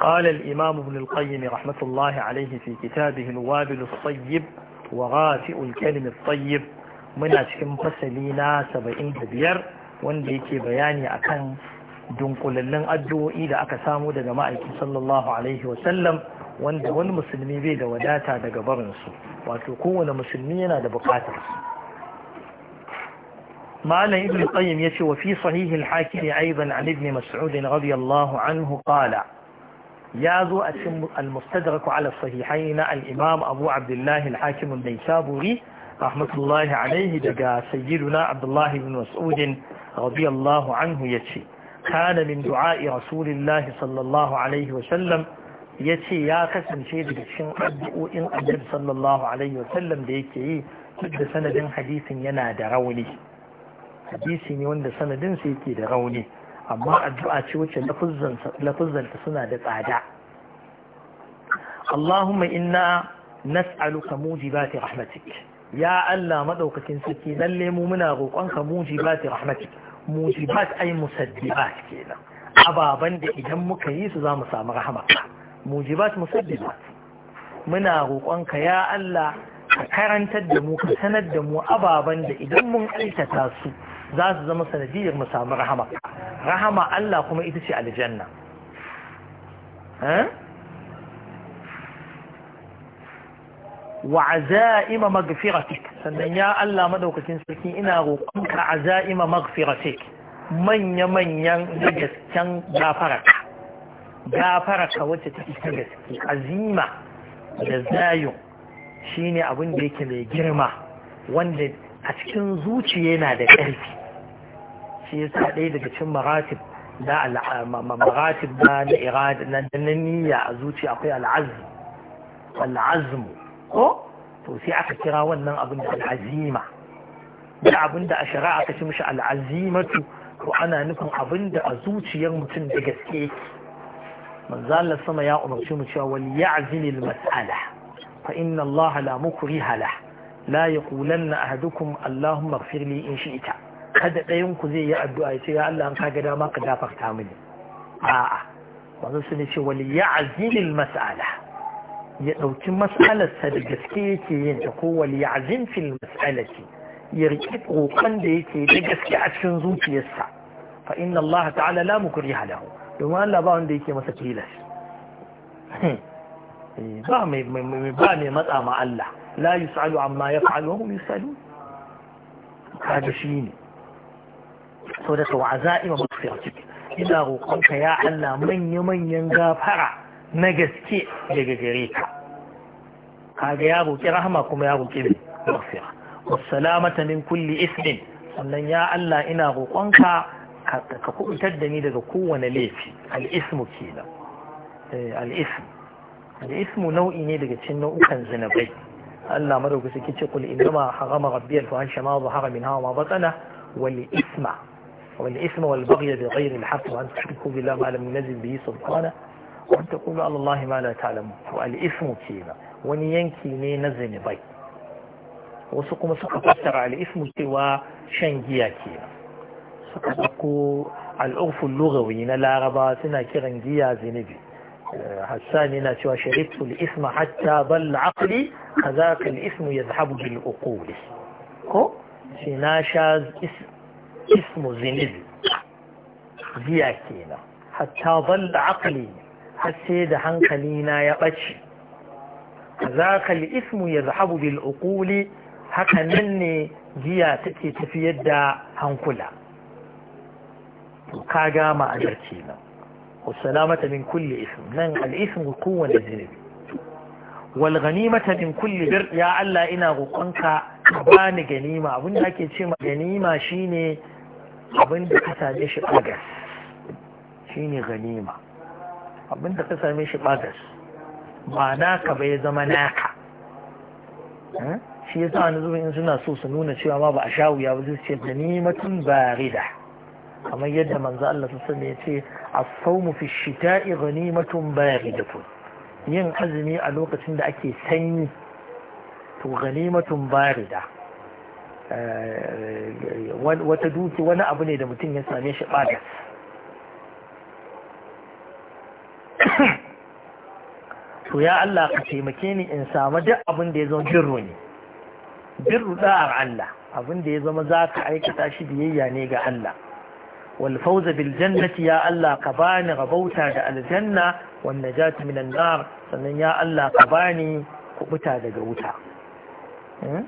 قال الإمام ابن القيم رحمة الله عليه في كتابه الوابل الطيب وغافئ الكلم الطيب muna cikin fasali na saba'in da biyar wanda yake bayani akan dunkulallin addu'o'i da aka samu daga ma'aikin sallallahu alaihi wasallam wanda wani musulmi bai da wadata daga barinsu wato kowane musulmi yana da bukatar malam ibn qayyim yace wafi fi sahih al-hakim aidan an ibn mas'ud radiyallahu anhu qala ya zo a cikin al-mustadrak ala sahihai na al-imam abu abdullahi al-hakim al-naisaburi rahmatullahi alaihi daga sayyiduna abdullahi ibn mas'udin radiyallahu anhu yace kana min du'a'i rasulillahi sallallahu alaihi wa sallam yace ya kasance daga cikin addu'o'in annabi sallallahu alaihi wa sallam da yake yi duk da sanadin hadisin yana da rauni hadisi ne wanda sanadin sa yake da rauni amma addu'a ce wacce lafuzzanta suna da tsada Allahumma inna nas'aluka mujibati rahmatik ya Allah madaukakin sarki lalle mu muna roƙonka mujibati rahmatik mujibat ay musaddibat kenan ababan da idan muka yi su zamu samu rahmatka mujibat musaddibat muna roƙonka ya Allah ka karantar da mu ka sanar da mu ababan da idan mun aikata su za su zama sanadiyar mu samu rahmatka rahama Allah kuma ita ce aljanna eh? wa azaima magfiratik sannan ya Allah madaukakin sarki ina roƙonka azaima magfiratik manya-manyan gasken gafararka gafararka wacce ta gaske azima da zayo shine abin da yake mai girma wanda a cikin zuciya yana da ƙarfi shi yasa ɗaya daga cikin maratib na maratib na na irada na niyya a zuciya akwai al'azm al'azm ko to sai aka kira wannan abin da al'azima da abin da a shara aka ci mishi al'azimatu ko ana nufin abin da a zuciyar mutum da gaske manzalar sama ya umarci mu cewa wal ya'zimil mas'ala fa inna Allah la mukriha la la yaqulanna ahadukum Allahumma ighfir li in shi'ta kada ɗayan ku zai yi addu'a ya ce ya Allah an ka ga dama ka dafarta mini a'a wanzu su ne ce wali ya azilil mas'ala ya ɗauki sa da gaske yake yin ta ko wali ya azim fil mas'alati ya riƙi ƙoƙon da yake da gaske a cikin zuciyarsa fa inna Allah ta'ala la mukriha lahu domin Allah ba wanda yake masa tilas ba mai mai ba matsa ma Allah la yus'alu amma yaf'alu wa hum yus'alun shi ne sau da sau a za'ima mafi ina roƙonka ya Allah manya-manyan gafara na gaske daga gare ka kaga ya roƙi rahama kuma ya roƙi mafi wasalamata min kulli ismin sannan ya Allah ina roƙonka ka kubutar da ni daga kowane laifi al'ismu kenan eh, al'ismu al'ismu nau'i ne daga cikin nau'ukan zinabai Allah madauki suke ce kul inna ma harama rabbiyal fahisha ma zahara minha wa ma batana wal isma والإثم والبغي بغير الحق وأن تشركوا بالله ما لم ينزل به سبحانه وأن تقولوا على الله ما لا تعلمون والإثم كيما ونينكي ني نزل بي وسقم سقى فسر على الإثم سوى شنجيا كيما سقى الأغف اللغوي لا غباتنا كرنجيا زنبي حسان آه، هنا شربت الإثم حتى ضل عقلي فذاك الإثم يذهب بالعقول كو شناشاز إثم ismu zunubi giya kenan hatta balla aqli har sai da hankali na ya ɓace zaka li ismu yazhabu bil uquli haka nan ne giya take tafiyar da hankula to ka ga ma'anar kenan والسلامة من كل إثم نن الإثم قوة الذنب والغنيمة من كل بر يا الله إنا غقنك بان غنيمة أبن هكي تشيما غنيمة شيني abin da ka same shi bagas shine ganima abin da ka same shi bagas ba naka bai zama naka hmm? shi yasa wani zubin in suna so su nuna cewa ma ba a sha wuya ba zai ce ganimatun barida kamar yadda manzo Allah su sani ya ce as-sawmu fi shita'i ghanimatun baridatun yin azumi a lokacin da ake sanyi to ghanimatun barida wata duki wani abu ne da mutum ya same shi ɓada to ya Allah ka taimake ni in samu duk abin da ya zama birru ne birru ar Allah abin da ya zama za ka aikata shi biyayya ne ga Allah wal fawza bil jannati ya Allah ka bani rabauta da aljanna wan najati minan nar sannan ya Allah ka bani kubuta daga wuta hmm?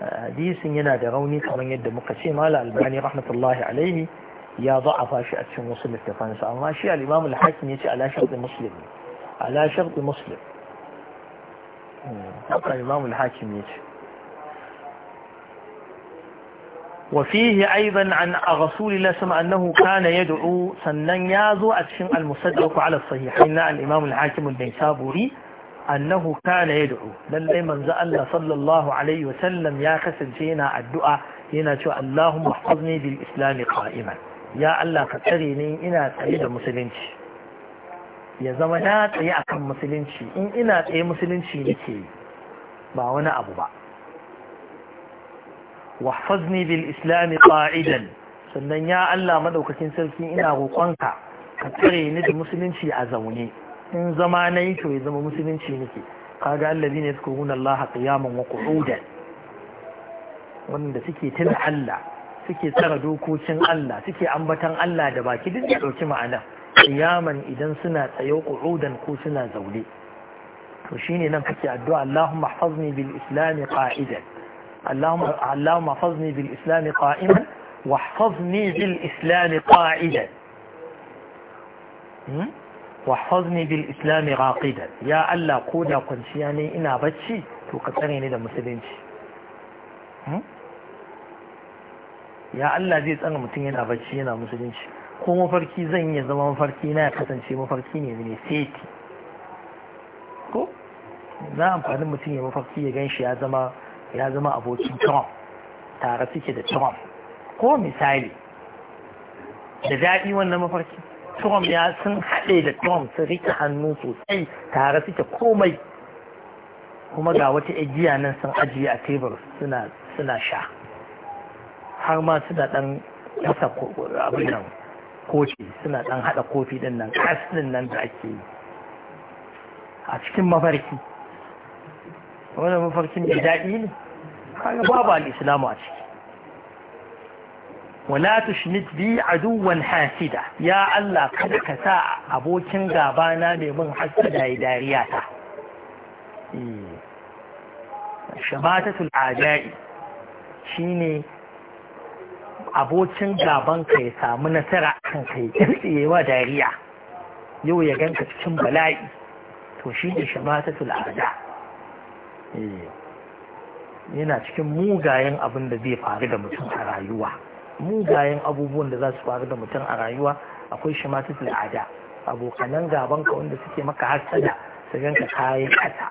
hadisin yana da rauni kamar yadda muka ce mala albani rahmatullahi alaihi ya za'afa shi a cikin wasu littafansa amma shi al-imam al-hakim yace ala shartu muslim ala shartu muslim haka al-imam al-hakim yace وفيه أيضا عن رسول الله سمع أنه كان يدعو سنن يازو أتشن المصدق على الصحيحين الإمام الحاكم البيسابوري annahu kana duhu. lallai manzo Allah sallallahu alaihi wasallam ya kasance yana addu'a yana cewa Allahumma ihfazni bil islam qa'iman ya Allah ka tsare ni ina tsaye da musulunci ya zama na tsaye akan musulunci in ina tsaye musulunci nake ba wani abu ba wahfazni bil islam qa'idan sannan ya Allah madaukakin sarki ina roƙonka ka tsare ni da musulunci a zaune in zama na yi to ya zama musulunci nake kaga allazi ne suka huna Allah qiyaman wa qu'udan wanda suke tuna Allah suke tsara dokokin Allah suke ambatan Allah da baki duk da dauki ma'ana qiyaman idan suna tsayo qu'udan ko suna zaune to shine nan kake addu'a Allahumma ihfazni bil islam qa'idan Allahumma Allahumma bil islam qa'iman ya Allah ko da kwanciya ne ina bacci to ka tsare ni da musulunci. Hmm? ya Allah zai tsara mutum yana bacci yana musulunci ko mafarki zan iya zama mafarki na ya kasance mafarki ne ne seti ko na amfanin mutum ya mafarki ya gan shi ya zama ya zama abokin Trump tare suke da Trump ko misali da daɗi wannan mafarki Trump ya sun haɗe da Trump sun rike hannu sosai tare suke komai kuma ga wata ajiya nan sun ajiye a tebur suna sha har ma suna ɗan kasa abin nan kofi suna ɗan haɗa kofi ɗin nan nan da ake yi a cikin mafarki wani mafarkin da daɗi ne kaga babu al a ciki wala tushmit bi aduwan hasida ya Allah kada ka sa abokin gaba na mai mun hasada ya dariya ta shabatatul adai shine abokin gaban ka ya samu nasara kan kai kirtsiye wa dariya yau ya ganka cikin bala'i to shine shabatatul ada yana cikin mugayen abin da zai faru da mutum a rayuwa mugayen abubuwan da za su faru da mutum a rayuwa akwai shi masu al'ada abokanan gaban ka wanda suke maka hasada su ganka kayan kasa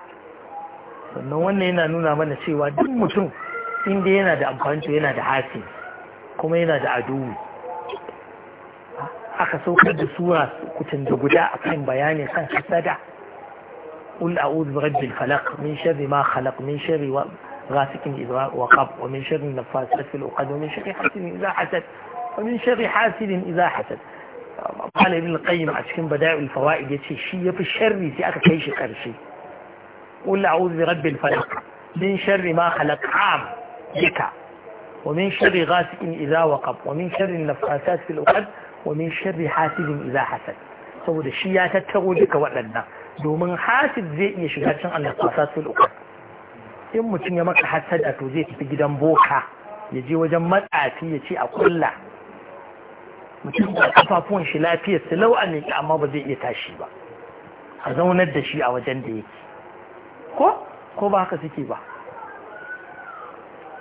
sannan wannan yana nuna mana cewa duk mutum inda yana da amfani yana da hasi kuma yana da aduwi aka saukar da sura kutun da guda a kan bayani kan hasada قل أعوذ برب الفلق من شر ما خلق من شر غاسق إذا وقب ومن شر النفاس في الأقد ومن شر حاسد إذا حسد ومن شر حاسد إذا حسد قال ابن القيم عشكم بداع الفوائد يتشي شي في الشر يتشي أكا كيش قرشي قول أعوذ برب الفلق من شر ما خلق عام بك ومن شر غاسق إذا وقب ومن شر النفاسات في الأقد ومن شر حاسد إذا حسد سوى الشيئة تتغو لك وعلا دومن حاسد زي يشهد شان النفاسات في الأقد in mutum ya maka hasada to zai tafi gidan boka ya je wajen matsafi ya ce a kulla mutum da kafafuwan shi lafiya su lau'a ne amma ba zai iya tashi ba a zaunar da shi a wajen da yake ko ko ba haka suke ba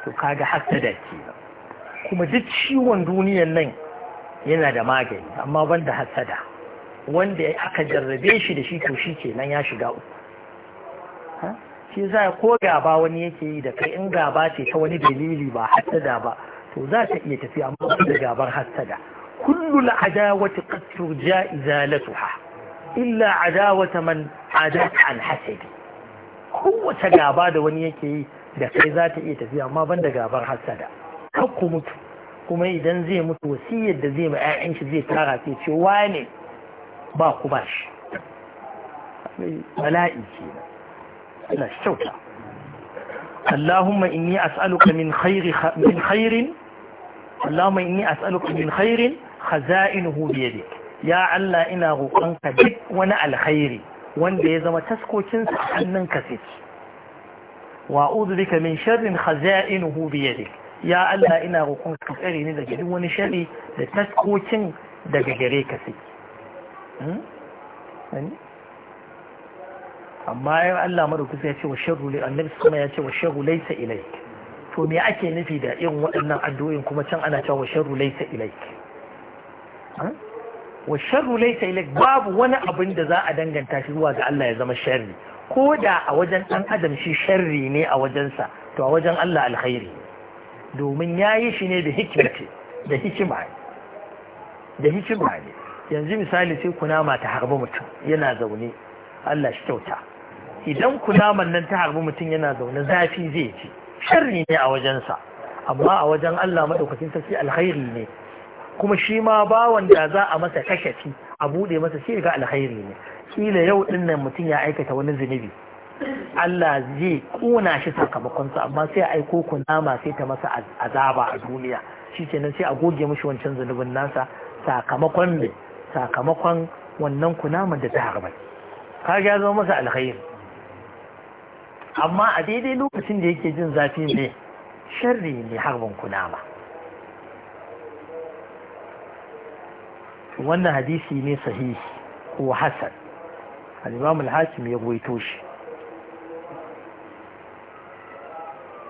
to kaga hasada ke kuma duk ciwon duniyan nan yana da magani amma banda hasada wanda aka jarrabe shi da shi to shi kenan ya shiga uku shi za ko gaba wani yake yi da kai in gaba ce ta wani dalili ba hasada ba to za ta iya tafiya amma da gabar hasada kullu adawati qad turja izalatuha illa adawata man adaka an hasadi kowace gaba da wani yake yi da kai za ta iya tafiya amma ban da gabar hasada kar ku mutu kuma idan zai mutu wasiyar da zai ma 'ya'yan shi zai tara sai ce wane ba ku ba shi ce kenan Ina shi kyauta Allahumma inni as'aluka min khairi min khairin Allahumma inni as'aluka min khairin khaza'inuhu bi yadik ya Allah ina roƙonka duk wani alkhairi wanda ya zama taskokinsa a ka sai wa a'udhu bika min sharrin khaza'inuhu bi yadik ya Allah ina roƙonka ka tsare ni daga duk wani sharri da taskokin daga gare ka sai amma yin Allah madaukaki ya ce wa sharru li annabi kuma ya ce wa sharru laysa ilaik to me ake nufi da irin waɗannan addu'o'in kuma can ana cewa wa sharru laysa ilaik wa sharru laysa ilaik babu wani abin da za a danganta shi zuwa ga Allah ya zama sharri ko da a wajen ɗan adam shi sharri ne a wajensa to a wajen Allah alkhairi domin ya yi shi ne da hikimati da hikima ne yanzu misali sai kunama ta harba mutum yana zaune Allah shi kyauta idan kunaman nan ta harbi mutum yana zaune zafi zai ci sharri ne a wajensa amma a wajen Allah madaukakin sarki alkhairi ne kuma shi ma bawan da za a masa kashafi a bude masa shi ga alkhairi ne kila yau din nan mutum ya aikata wani zunubi Allah zai kuna shi sakamakonsa amma sai a aiko kunama sai ta masa azaba a duniya shi kenan sai a goge mishi wancan zunubin nasa sakamakon ne sakamakon wannan kunaman da ta harbi kaga ya zama masa alkhairi amma a daidai lokacin da yake jin zafi ne sharri ne harbin ba wannan hadisi ne sahihi ko hasan al-imam al-hakim ya gwaito shi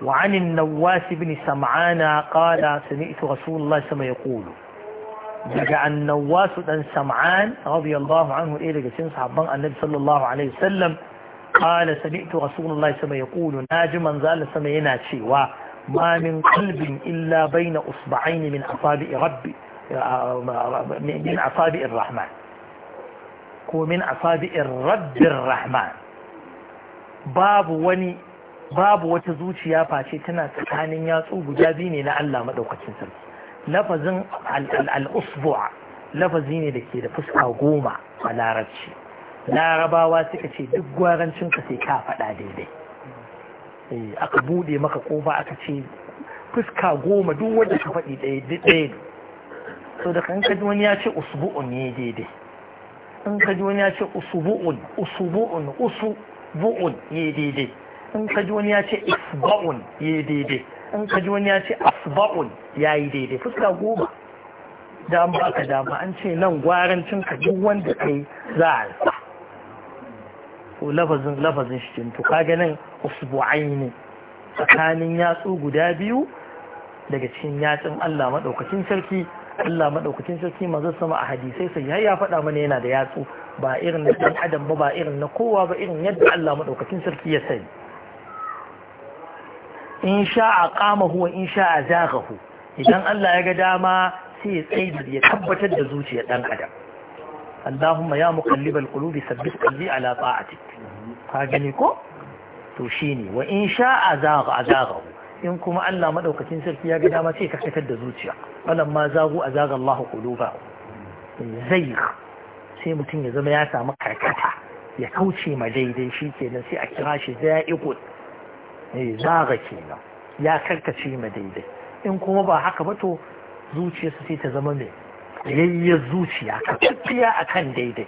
وعن النواس بن سمعان قال سمعت رسول الله سما يقول daga annawasu dan sam'an radiyallahu anhu ɗaya daga cikin sahabban annabi sallallahu alaihi wasallam قال سمعت رسول الله سما يقول ناجما زال سما يناتي ما من قلب إلا بين أصبعين من أصابع ربي من أصابع الرحمن ومن أصابع الرب الرحمن باب وني babu wata zuciya face tana tsakanin yatsu guda biyu ne na Allah maɗaukacin sarki lafazin al'usbu'a lafazi ne da ke da fuska goma a larabci larabawa suka ce duk gwarancin ka sai ka faɗa daidai eh, aka buɗe maka ƙofa aka ce fuska goma duk wadda ka faɗi ɗaya ɗaya so da kan kaji wani ya ce usbu'un ne daidai in kaji wani ya ce usubu'un usubu'un usubu'un ne daidai in kaji wani ya ce isba'un ne daidai in kaji wani ya ce asba'un ya yi daidai fuska goma dama an dama an ce nan gwarancinka ka duk wanda kai za a lafazin lafazin shi to kaga nan ne tsakanin yatsu guda biyu daga cikin yatsun Allah madaukakin sarki Allah maɗaukacin sarki maza sama a hadisai sai ya faɗa mana yana da yatsu ba irin na dan adam ba ba irin na kowa ba irin yadda Allah madaukakin sarki ya sani in sha'a qamahu wa in sha'a zaghahu idan Allah ya ga dama sai ya tsaye ya tabbatar da zuciyar ɗan adam Allahumma ya muqallibal qulubi sabbit qalbi ala ta'atik ka gani ko to shine wa in sha'a zagha azagha in kuma Allah madaukakin sarki ya ga dama sai ka da zuciya falan ma zagu azaga Allah kuluba. zai sai mutum ya zama ya samu karkata ya kauce ma daidai shi kenan sai a kira shi za'iqul eh kenan ya karkace ma daidai in kuma ba haka ba to zuciyarsa sai ta zama mai tsayayyar zuciya ka tafiya kan daidai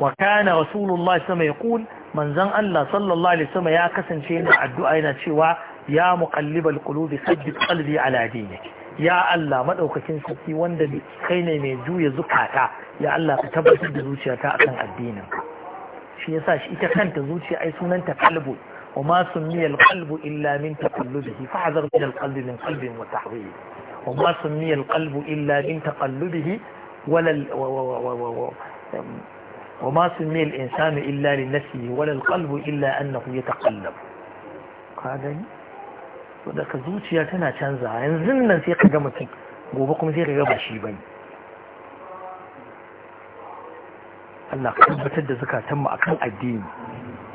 wa kana rasulullahi sama ya kul manzon Allah sallallahu alaihi ya kasance yana addu'a yana cewa ya muqallibal qulubi sabbit qalbi ala dinik ya Allah madaukakin sarki wanda kai ne mai juya zukata ya Allah ka tabbatar da zuciyata akan addinin shi yasa shi ita kanta zuciya ai sunanta qalbu وما سمي القلب إلا من تقلبه فاحذر من القلب من قلب وتحويل وما سمي القلب إلا من تقلبه ولا وما سمي الإنسان إلا لنفسه ولا القلب إلا أنه يتقلب قادني ودك زوجي تنا canza yanzu nan sai ka ga mutum gobe kuma sai ka ga ba shi bane Allah ka tabbatar da zukatanmu akan addini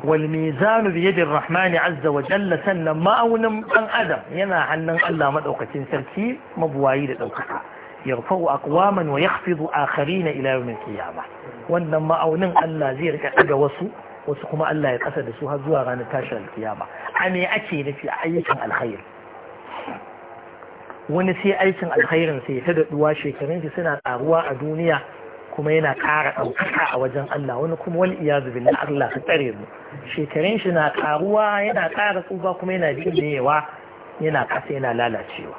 wal mizanu bi yadir rahmani azza wa jalla sannan ma'aunin dan adam yana hannun Allah madaukakin sarki mabuwayi da daukaka yarfa'u aqwaman wa yakhfidu akharin ila yawm al-qiyamah wannan ma'aunin Allah zai rika daga wasu wasu kuma Allah ya kasa da su har zuwa ranar tashin al-qiyama a me ake nufi a ayyukan alkhair wani sai aikin alkhairin sai ta daɗuwa shekarun shi suna ƙaruwa a duniya kuma yana ƙara ɗaukaka a wajen Allah wani kuma wani iyazu bin Allah ka tsare mu shekarun shi na ƙaruwa yana ƙara tsufa kuma yana jinnewa yana ƙasa yana lalacewa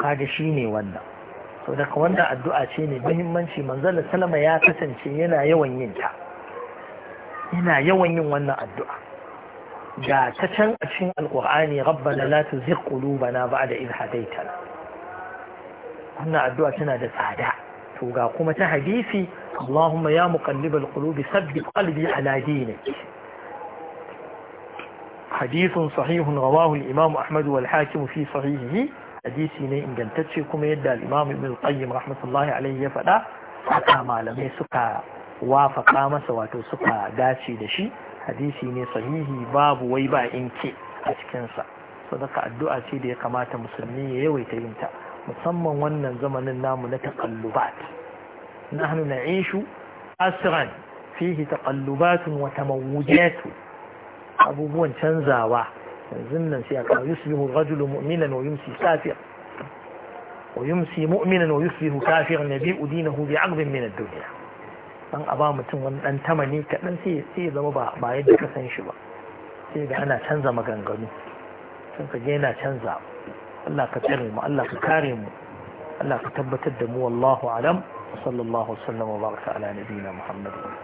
kaga shi ne wannan sau daga wannan addu'a ce ne muhimmanci manzala salama ya kasance yana yawan yin ta yana yawan yin wannan addu'a ga ta can a cikin alkur'ani rabbana la tuzigh qulubana ba'da idh hadaytana wannan addu'a tana da tsada wato kuma ta hadisi Allahumma ya muqallibal qulubi sabbit qalbi ala dinik hadithun sahihun rawahu al-imam Ahmad wal Hakim fi sahihihi hadisi ne ingantacce kuma yadda al-imam Ibn Qayyim rahmatullahi alayhi ya fada haka malamai suka wafaka masa wato suka dace da shi hadisi ne sahihi babu wai ba inke a cikin sa saboda addu'a ce da ya kamata musulmi ya yawaita yin ta musamman wannan zamanin namu na taqallubat nahnu na'ishu asran fihi takallubatun wa tamawujatu abubuwan canzawa yanzu nan sai aka yusbihu rajulu mu'minan wa yumsi kafir wa yumsi mu'minan wa yusbihu kafiran yabi'u dinahu bi'aqdin min ad-dunya dan aba mutum wani dan tamani kadan sai sai zama ba ba yadda ka san shi ba sai ga ana canza maganganu sun ka yana canzawa الله كترم الله كارم الله كتبت الدم والله أعلم وصلى الله وسلم وبارك على نبينا محمد